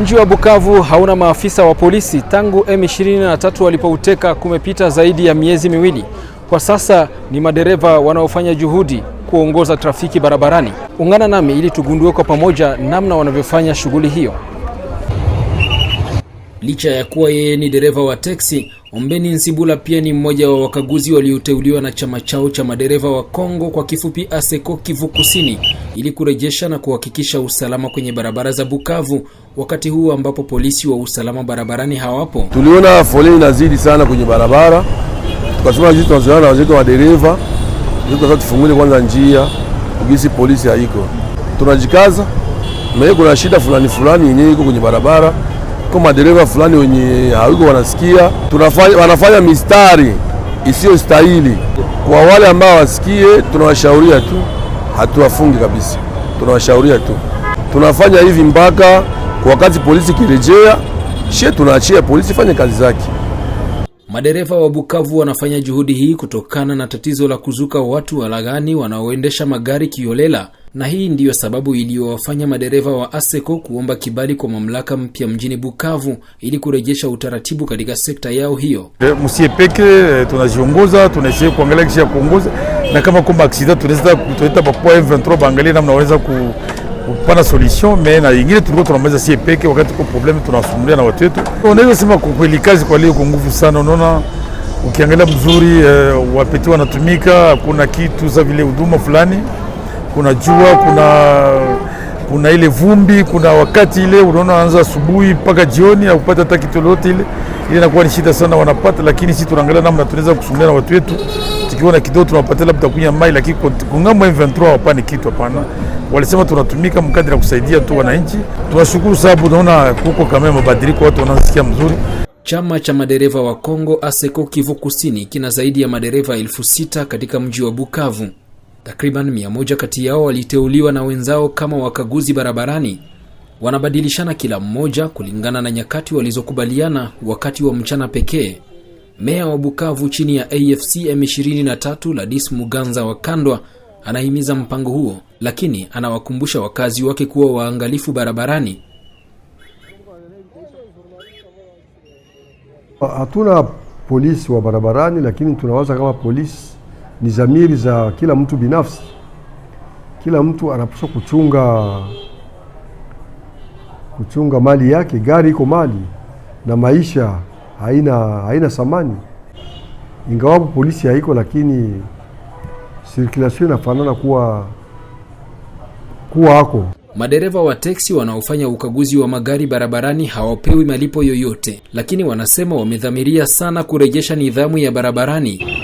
Mji wa Bukavu hauna maafisa wa polisi tangu M23 walipouteka, kumepita zaidi ya miezi miwili. Kwa sasa ni madereva wanaofanya juhudi kuongoza trafiki barabarani. Ungana nami ili tugundue kwa pamoja namna wanavyofanya shughuli hiyo. Licha ya kuwa yeye ni dereva wa teksi, Ombeni Nsibula pia ni mmoja wa wakaguzi walioteuliwa na chama chao cha madereva wa Kongo kwa kifupi ASECO Kivu Kusini ili kurejesha na kuhakikisha usalama kwenye barabara za Bukavu wakati huu ambapo polisi wa usalama barabarani hawapo. Tuliona foleni inazidi sana kwenye barabara, tukasema sisi tunazoana na wa dereva, tufungule kwanza njia ugisi polisi haiko. Tunajikaza na kuna shida fulani fulani yenyewe iko kwenye barabara kwa madereva fulani wenye hawiko wanasikia, tunafanya wanafanya mistari isiyo stahili Kwa wale ambao wasikie, tunawashauria tu, hatuwafungi kabisa, tunawashauria tu. Tunafanya hivi mpaka wakati polisi kirejea, shie tunaachia polisi fanye kazi zake. Madereva wa Bukavu wanafanya juhudi hii kutokana na tatizo la kuzuka watu walaghani wanaoendesha magari kiolela, na hii ndiyo sababu iliyowafanya madereva wa ASECO kuomba kibali kwa mamlaka mpya mjini Bukavu ili kurejesha utaratibu katika sekta yao hiyo. Msiepeke eh, tunaziongoza tunaishia kuangalia kisha kuongoza na kama kumba aksida tunaweza tuleta M23 baangalie namna wanaweza ku kupata solution me na ingine tulikuwa tunamaliza sie peke, wakati kwa problem tunasumulia na watu wetu. Unaweza sema kwa kweli kazi kwa leo kwa nguvu sana. Unaona, ukiangalia mzuri eh, wapeti wanatumika, kuna kitu za vile huduma fulani, kuna jua, kuna kuna ile vumbi, kuna wakati ile unaona anza asubuhi mpaka jioni au kupata hata kitu lolote ile ile inakuwa ni shida sana wanapata, lakini sisi tunaangalia namna tunaweza kusumbua na watu wetu, tukiona kidogo tunapata labda kunywa mai, lakini kungamwa M23 hapana kitu, hapana. Walisema tunatumika mkadi na kusaidia tu wananchi. Tunashukuru sababu naona kuko kama mabadiliko, watu wanasikia mzuri. Chama cha madereva wa Kongo ASECO Kivu Kusini kina zaidi ya madereva elfu sita katika mji wa Bukavu. Takriban 100 kati yao waliteuliwa na wenzao kama wakaguzi barabarani. Wanabadilishana kila mmoja kulingana na nyakati walizokubaliana wakati wa mchana pekee. Meya wa Bukavu chini ya AFC M23 Ladis Muganza wa Kandwa anahimiza mpango huo, lakini anawakumbusha wakazi wake kuwa waangalifu barabarani. Hatuna polisi wa barabarani, lakini tunawaza kama polisi ni zamiri za kila mtu binafsi. Kila mtu anapaswa kuchunga kuchunga mali yake. Gari iko mali na maisha haina haina thamani, ingawapo polisi haiko, lakini sirkulasio inafanana kuwa kuwa hako. Madereva wa teksi wanaofanya ukaguzi wa magari barabarani hawapewi malipo yoyote, lakini wanasema wamedhamiria sana kurejesha nidhamu ya barabarani.